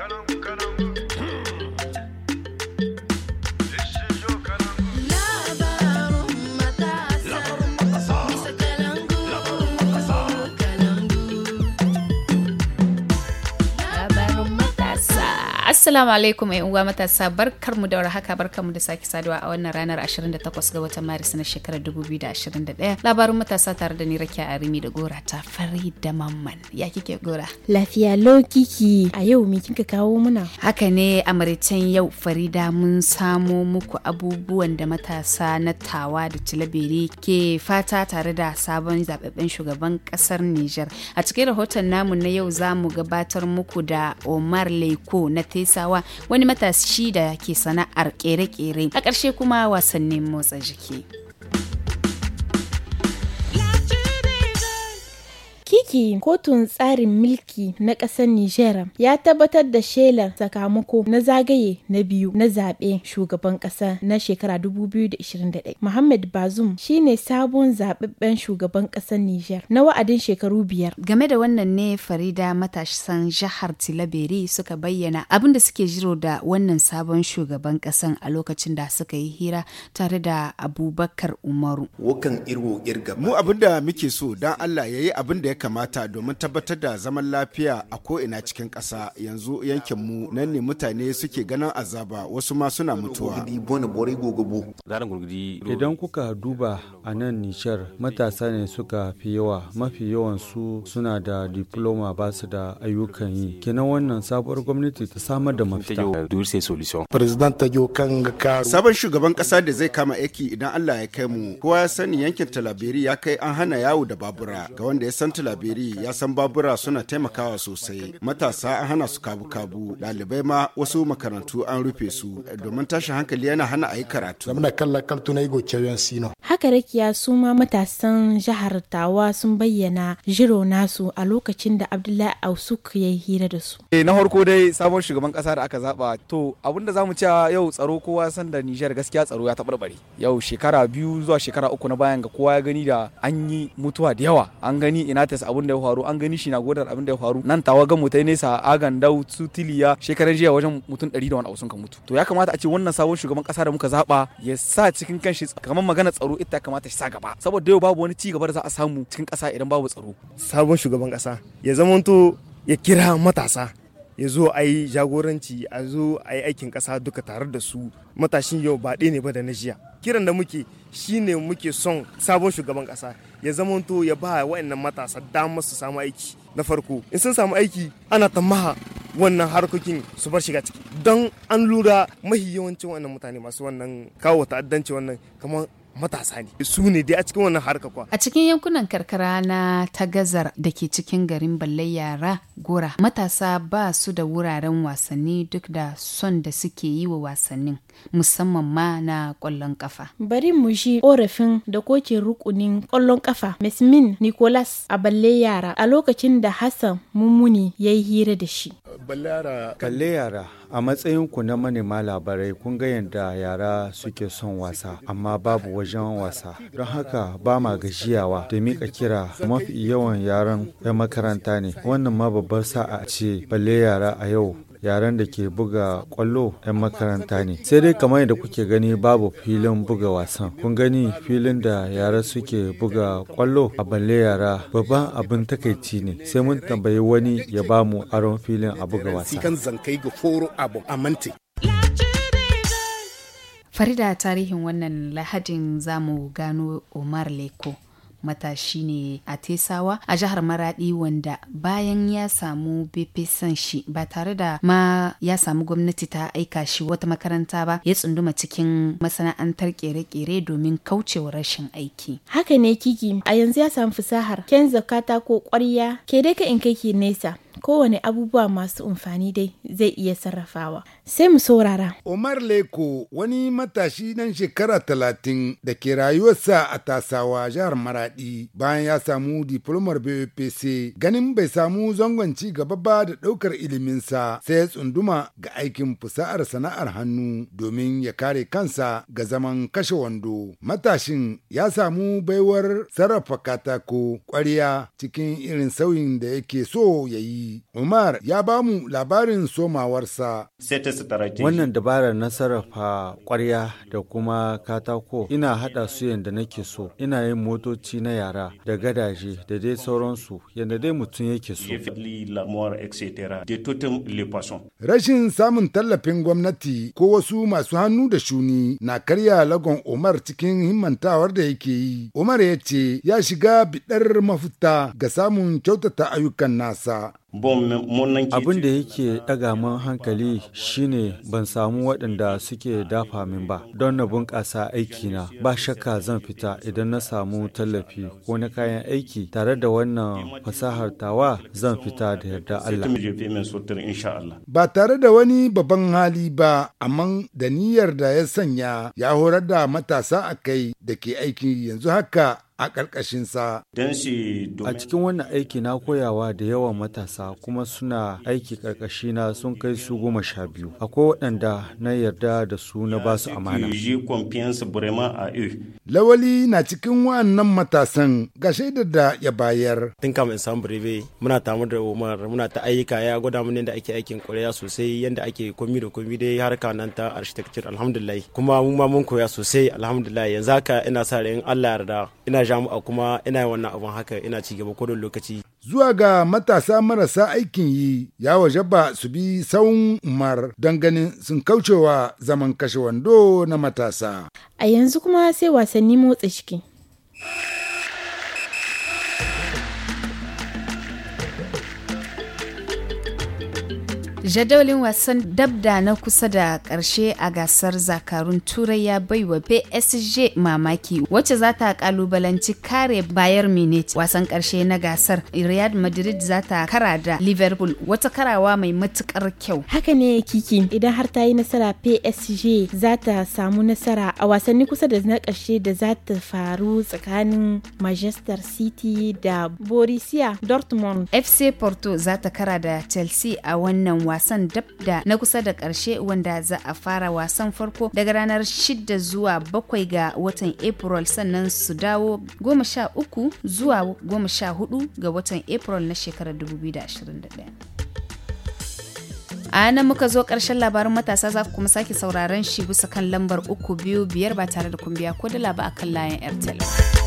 on. Assalamu alaikum ƴan uwa matasa barkarmu da warhaka barkarmu da sake saduwa a wannan ranar 28 ga watan Maris na shekarar 2021. Labarin matasa tare da ni Rakiya Arimi da Gora ta fari mamman. Ya kike Gora? Lafiya lokiki. A yau me kika kawo muna? Haka ne a maritan yau Farida mun samo muku abubuwan da matasa na Tawa da Tilabere ke fata tare da sabon zababben shugaban kasar Nijar. A cikin rahoton namu na yau za mu gabatar muku da Omar Leiko na fesawa wani matashi da ke sana'ar kere-kere a ƙarshe kuma wasannin motsa jiki. aiki kotun tsarin milki na ƙasar Nijar ya tabbatar da shelar sakamako na zagaye na biyu na zaɓe shugaban ƙasa na shekara 2021. Muhammad shine sabon zaɓaɓɓen shugaban ƙasar Nijar na wa'adin shekaru biyar. Game da wannan ne Farida matasan jihar Tilaberi suka bayyana abin da suke jiro da wannan sabon shugaban ƙasan a lokacin da suka yi hira tare da Abubakar Umaru. irwo irga. Mu abin da muke so don Allah ya yi abin da ya kamata domin tabbatar da zaman lafiya a ko ina cikin ƙasa yanzu mu nan ne mutane suke ganin azaba wasu ma suna mutuwa. Idan kuka duba a nan Nishar matasa ne suka fi yawa mafi yawan su suna da diploma ba su da ayyukan yi. Kenan wannan sabuwar gwamnati ta samar da mafita. Sabon shugaban ƙasa da zai kama aiki idan Allah ya kai mu kowa ya sani yankin Talabiri ya kai an hana yawo da babura ga wanda ya san Talabiri jabiri ya san babura suna taimakawa sosai. Matasa an hana su kabu-kabu, ɗalibai ma wasu makarantu an rufe su domin tashin hankali yana hana a yi karatu. Haka rakiya su ma matasan jihar Tawa sun bayyana jiro nasu a lokacin da Abdullahi Ausuk ya yi hira da su. eh na farko dai sabon shugaban kasa da aka zaba to abinda zamu cewa yau tsaro kowa san da Nijar gaskiya tsaro ya taɓarɓare. Yau shekara biyu zuwa shekara uku na bayan ga kowa ya gani da an yi mutuwa da yawa an gani Inates abin da ya faru an gani shi na godar abin da ya faru nan tawa ga mutai nesa agan dau su tiliya shekaran jiya wajen mutum 100 da wani abu sun ka mutu to ya kamata a ce wannan sabon shugaban kasa da muka zaba ya sa cikin kanshi kamar magana tsaro ita kamata shi sa gaba saboda yau babu wani ci gaba da za a samu cikin kasa idan babu tsaro sabon shugaban kasa ya zamanto ya kira matasa ya zo a yi jagoranci a zo a yi aikin ƙasa duka tare da su matashin yau ba ɗaya ne ba da na jiya kiran da muke shi ne muke son sabon shugaban ƙasa ya zamanto ya ba wa'annan matasa damar su samu aiki na farko in sun samu aiki ana tamaha wannan harkokin su bar shiga ciki don an lura mahi yawancin wannan mutane masu wannan kawo ta'addanci wannan kamar matasa ne su ne dai a cikin wannan harka kwa a cikin yankunan karkara na tagazar da ke cikin garin balle yara gora matasa ba su da wuraren wasanni duk da son da suke yi wa wasannin musamman ma na kwallon kafa bari mu shi korafin da koke rukunin kwallon kafa mesmin nicholas a balle yara a lokacin da hassan mummuni ya yi hira da shi balle yara a matsayinku na manema labarai kun ga yadda yara suke son wasa amma babu wajen wasa don haka ba ma gajiyawa da mika kira mafi yawan yaran 'yan makaranta ne wannan ma babbar sa'a ce balle yara a yau yaran da ke buga kwallo 'yan makaranta ne sai dai kamar yadda kuke gani babu filin buga wasan kun gani filin da yara suke buga kwallo a balle yara babban abin takaici ne sai mun tambayi wani ya ba mu aron filin a buga wasan. farida tarihin wannan lahadin zamu gano umar leko matashi ne a tesawa a jihar maradi wanda bayan ya samu bepe shi ba tare da ma ya samu gwamnati ta aika shi wata makaranta ba ya tsunduma cikin masana'antar kere-kere domin kaucewa rashin aiki haka ne kiki a yanzu ya samu fasahar zakata katako kwarya ke dai ka in kai ki nesa kowane abubuwa masu amfani dai zai iya sarrafawa. Sai mu saurara. Omar Leko wani matashi nan shekara talatin da ke rayuwarsa a tasawa jihar Maradi bayan ya samu diplomar BPC ganin bai samu zangon ci gaba ba da ɗaukar iliminsa sai ya tsunduma ga aikin fusa'ar sana'ar hannu domin ya kare kansa ga zaman kashe wando. Matashin ya samu baiwar sarrafa katako ƙwarya cikin irin sauyin da yake so ya yi Umar ya ba mu labarin somawarsa. Wannan dabarar na sarrafa ƙwarya da kuma katako ina haɗa su yadda nake so. Ina yin motoci na yara da gadaje da dai sauransu yadda dai mutum yake so. Rashin samun tallafin gwamnati ko wasu masu hannu da shuni na karya lagon Umar cikin himmantawar da yake yi. Umar ya ce ya shiga biɗar mafuta ga samun kyautata ayyukan nasa abin da yake ɗaga min hankali shine ban samu waɗanda suke dafa min ba don na bunƙasa aikina ba shakka zan fita idan na samu tallafi ko na kayan aiki tare da wannan fasahar tawa zan fita da yarda Allah. Ba tare da wani babban hali ba amma da niyyar da ya sanya ya horar da matasa a kai da ke aiki yanzu haka a ƙarƙashinsa. A cikin wannan aiki na koyawa da yawan matasa kuma suna aiki ƙarƙashina sun kai su goma sha biyu. Akwai waɗanda na yarda da su na ba su amana. Lawali na cikin wannan matasan ga shaidar da ya bayar. Tun kama in birbe muna tamu da Umar muna ta ayyuka ya gwada mun yadda ake aikin ƙwarya sosai yadda ake komi da komi dai harka nan ta architecture alhamdulillah kuma mun ma mun koya sosai alhamdulillah yanzu haka ina sa ran Allah yarda ina jami'a kuma ina wannan abun haka ina ci gaba kodon lokaci zuwa ga matasa marasa aikin yi ya waje ba su bi saun umar don ganin sun kaucewa zaman kashe wando na matasa a yanzu kuma sai wasanni motsa ciki Jadawalin wasan dabda na kusa da ƙarshe a gasar zakarun turai ya bai wa PSG mamaki wacce za ta kalubalanci kare Bayern Munich wasan ƙarshe na gasar. Real Madrid za ta kara da Liverpool wata karawa mai matukar kyau. Haka ne kiki idan har ta yi nasara PSG za ta samu nasara a wasanni kusa da na ƙarshe da za ta faru tsakanin Manchester City da Borussia Dortmund. FC Porto za ta kara da Chelsea a wannan wasan dab da na kusa da karshe wanda za a fara wasan farko daga ranar 6 zuwa 7 ga watan April sannan su dawo 13 zuwa 14 ga watan April na shekarar 2021. a nan muka zo ƙarshen labarin matasa za ku kuma sake sauraron shi bisa kan lambar uku biyu biyar ba tare da kumbiya ko dala ba a kan layin airtel.